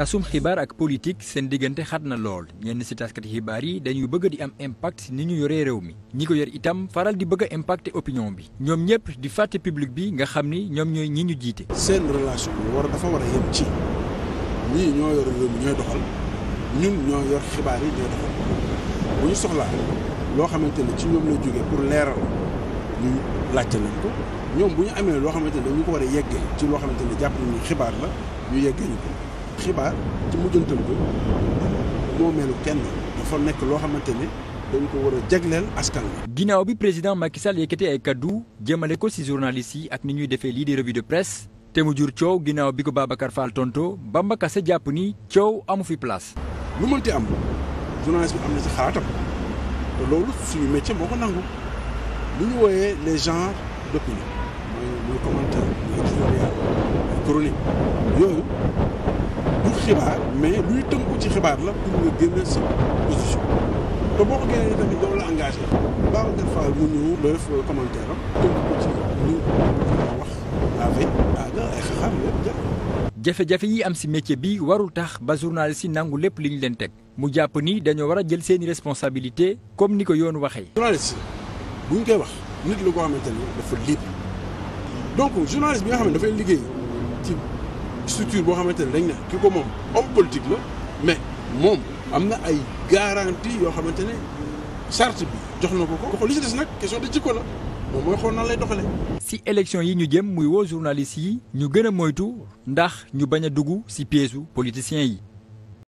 tasum xibaar ak politique seen diggante xat na lool ñenn ci taskati xibaar yi dañuy bëgg di am impact ni ñu yoree réew mi ñi ko yore itam faral di bëgg a impacter opinion bi ñoom ñëpp di fàtte public bi nga xam ni ñoom ñooy ñi ñu jiite. seen relation bi war dafa war a yem ci ñii ñoo yor réew mi ñooy doxal ñun ñoo yor xibaar yi ñooy doxal bu ñu soxlaa loo xamante ne ci ñoom la jógee pour leeral ñu laajte nañ ko ñoom bu ñu amee loo xamante ne dañu ko war a yeggee ci loo xamante ne jàpp nañu xibaar la ñu yeggee xibaar ci mujjantal bi moo melu kenn dafa nekk loo xamante ne dañ ko war a jagleel askan wi. ginnaaw bi président Macky Sall yëkkatee ay kaddu jëmale ko ci journaliste yi ak ni ñuy defee lii di revue de presse te mu jur coow ginnaaw bi ko Babacar Fall tonto Bamba Kassé jàpp ni coow amu fi place. lu mënti am journaliste bi am na ci xalaatam te loolu suñu métier moo ko nangu lu ñu wooyee les genres d'opinion mooy muy commentaire muy éditorial muy yooyu. mais luy tënku ci xibaar la pour jafe-jafe yi am si métier bi warul tax ba journaliste yi nangu lépp li ñu leen teg mu jàpp nii dañoo war a jël seeni responsabilité comme ni ko yoon waxee. journaliste bu ñu koy wax nit la ko xamante ni dafa libre donc journaliste bi nga xam ne dafay liggéey structure boo xamante ne dañ ne ki ko moom homme politique la mais moom am na ay garantie yoo xamante ne charte bi jox na ko ko ko si des nag question de jikko la moom mooy xool nan lay doxale si élection yi ñu jëm muy woo journaliste yi ñu gën a moytu ndax ñu bañ a dugg si piège u politiciens yi